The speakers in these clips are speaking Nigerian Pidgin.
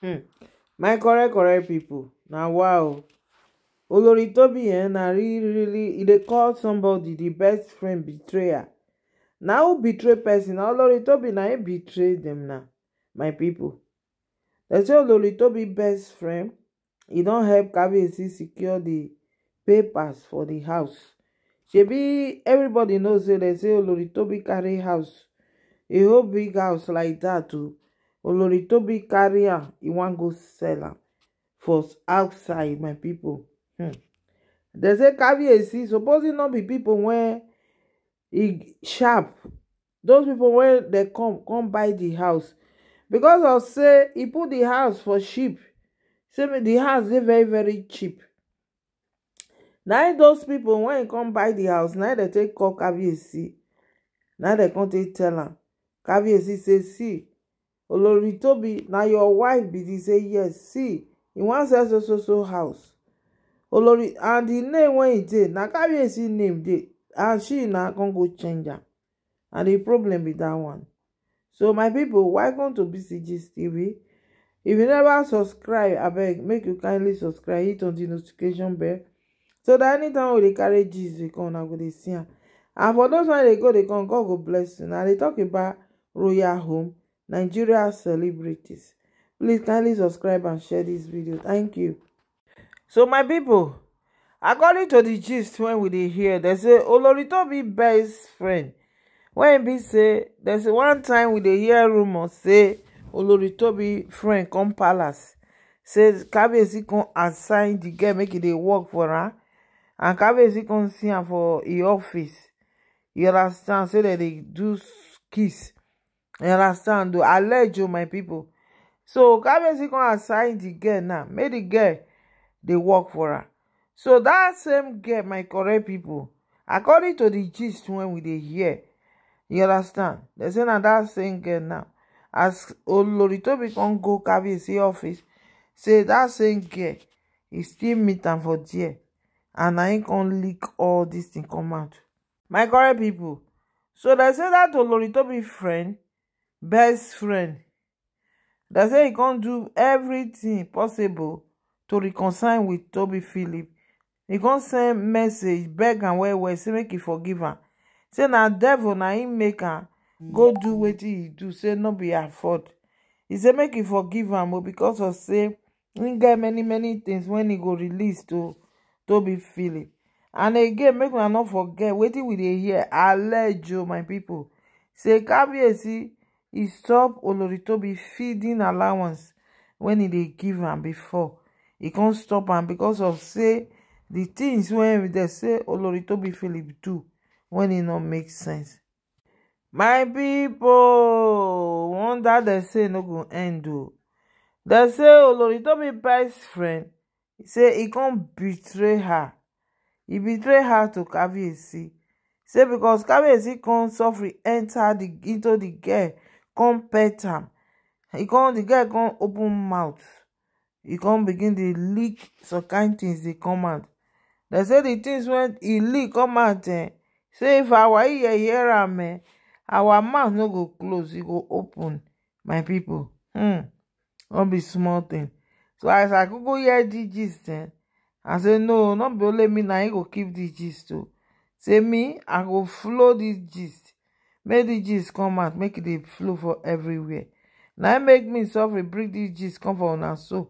Hmm. my correct correct people. na wow olori tobi eh na really really e dey call somebody the best friend betrayer na who betray person na olori tobi na him betray dem na my people. dem say olori tobi best friend e don help kabiyesi secure the papers for the house shebi everybody know say dem say olori tobi carry house a whole big house like dat o Olori oloritobi carry am he wan go sell am for outside my people. hmm dem say caviarcy suppose not be people when he sharp those people when they come come buy the house because of say he put the house for cheap say the house is very very cheap Now those people when e come buy the house now they take call caviarcy Now they come take tell him caviarcy say see olori tobi na your wife be this say yes see he wants sell so so so house olori and the name wey e dey na kabiyesi name dey and she na come go change am and the problem be that one so my pipo welcome to bcgs tv if you never subscribe abeg make you kindly subscribe hit on the notification bell so that anytime we dey carry gist dey come una go dey see and for those wey they go they come god go bless you na dey talk about royal home Nigeria celebrities. Please kindly subscribe and share this video. Thank you. So my people, according to the gist when we dey hear, they say Olori Tobi best friend. When e be say, there's one time we dey hear rumors say Olori Tobi friend come palace. says Kabiyesi come assign the girl make e dey work for her, And Kabiyesi come see am for e office. You understand? Say that they do kiss you understand I led you, my people. so going to assign the girl now make the girl they work for her so that same girl my correct people, according to the gist when we they hear you understand They say na that same girl now as oloritobi come go kabezi office say that same girl is still meeting for there and na im come leak all dis thing come out my correct people. so they say that oloritobi friend best friend They say he con do everything possible to reconcile with Toby philip He con send message beg and wait, wait, say make e forgive her. say now devil now he make her go do wetin e do say not be her fault e say make e forgive her, oh, but because of say he get many many things when he go release to Toby philip and again make me not forget waiting wetin we I let you my people. say see. He stop oloritobi feeding allowance when he they give him before He can't stop him because of say the things when they say oloritobi philip do when it e not make sense my pipo wonder they say no go end o They say oloritobi best friend say he can't betray her He betray her to caviarcy say becos caviarcy can't suffer the into the girl come pet am He come the guy come open mouth He come begin to leak some kind things dey come out They say the things wey He leak come out eh say if our ear hear am eh our mouth no go close e go open my people hmm Don't be small thing so I said, i go hear the gist eh i say no Don't be only me now. him go keep the gist too. Oh. say me i go flow this gist make the gist come out make it dey flow for everywhere na im make me suffer bring dis gist come for una so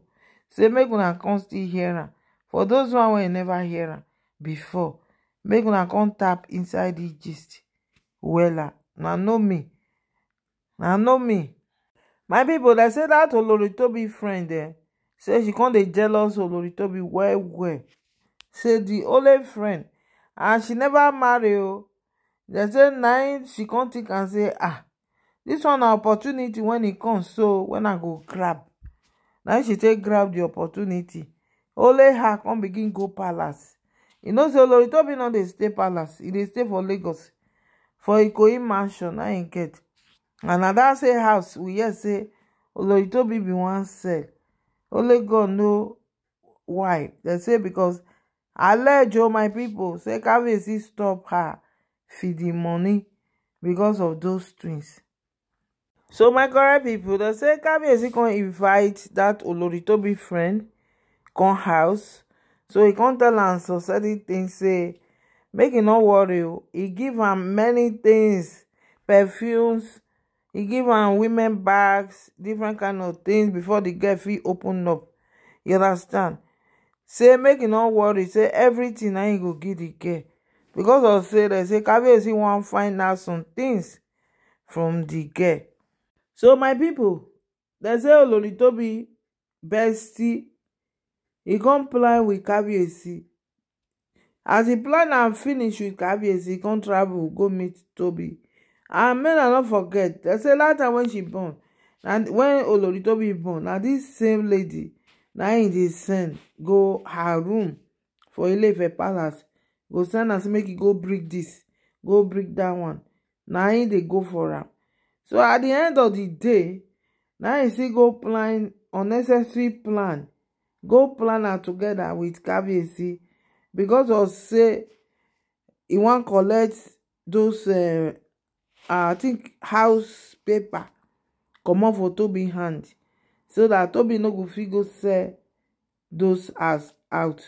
say make una come still hear am for those one wey never hear am before make una come tap inside the gist wella Now know me now know me my people, like say that oloritobi friend dem eh, say she come dey jealous oloritobi well well say the only friend and she never marry o dem say na she come think am say ah dis one na opportunity wen e come so wen i go grab na she take grab di opportunity ole ha come begin go palace you know say oloritobi no dey stay palace e dey stay for lagos for ikoyi mansion na im get and na dat same house we hear say oloritobi bin wan sell ole god know why dem say becos alejo oh my pipo say caviecy stop her fidi money because of those twins so my correct people, they say kabiyesi come invite that oloritobi friend come house so he can tell and so certain things say make him not worry He give am many things perfumes He give am women bags different kind of things before the girl fit open up you understand say make him not worry say everything I go give the girl because of say they say kabiyesi wan find out some things from di girl so my pipo dem say olori bestie e come plan with kabiyesi as e plan am finish with kabiyesi e come travel go meet tobi and make i no forget dem say last time wen she born na wen olori born na dis same lady na im dey send go her room for ileife palace go send am say make e go break this, go break that one na im dey go for am so at the end of the day na im still go plan unnecessary plan go plan am togeda wit caviarcy because of say he wan collect those eh, i think house paper comot for tobi hand so that tobi no go fit go sell those house out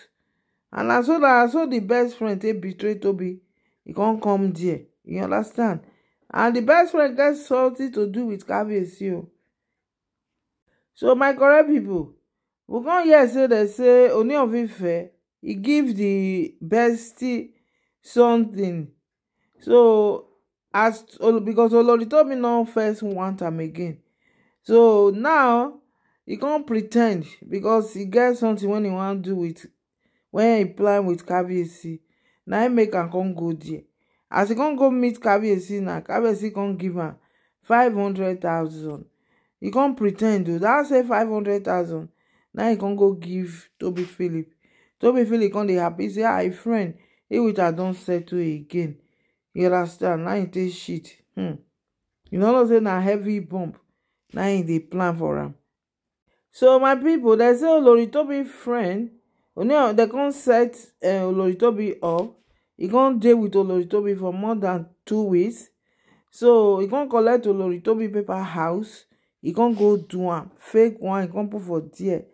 and na so na so the best friend take betray tobi He con come there you understand and the best friend get something to do with caviarcy o so my correct people, we con hear say dem say oni of ife e give the bestie something so as because oloritomi no first want am again so now e con pretend because he get something wey he wan do with When he plan with kabiyesi now he make am come go there as he come go meet kabiyesi now kabiyesi come give him five hundred thousand e come pretend o oh, that say five hundred thousand na e come go give Toby philip Toby philip come dey happy He say ah im friend im with her don settle again you understand Now he take shit hmm. you what know say na heavy bump Now he dey plan for him. so my people, they say "Oh, olori Toby, friend onion they come set eh, oloritobi up he can't deal with oloritobi for more than two weeks so he can't collect oloritobi paper house He can't go do one fake one He can't put for there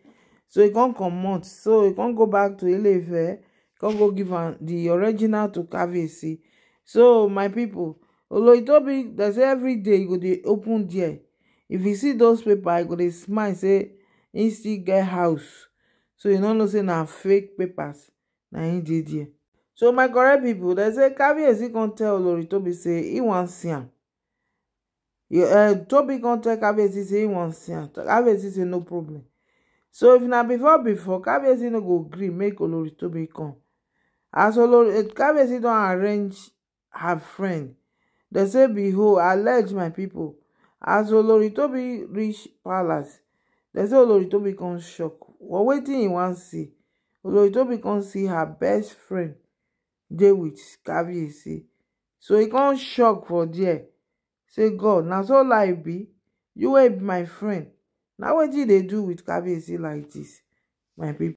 so he can't come comot so he can't go back to ileife Can't go give am di original to KVC. so my pipo oloritobi dem say day. e go dey open there if e see those paper e go dey smile and say e still get house so you no know say na fake papers na he did there so my correct people, they say is he gonna tell olori tobi say he wan see Uh, eh, Toby gonna tell is he say he wan see am kabiyesi say no problem so if na before before kabiyesi no go agree make olori tobi come as olori eh, kabiyesi don't arrange her friend They say behold allege my people as olori tobi reach palace They say olori tobi come shock but wetin e wan see olori come see her best friend dey with caviarcy so he come shock for there say god now so life e be you wey my friend Now what did they do with caviarcy like this, my people.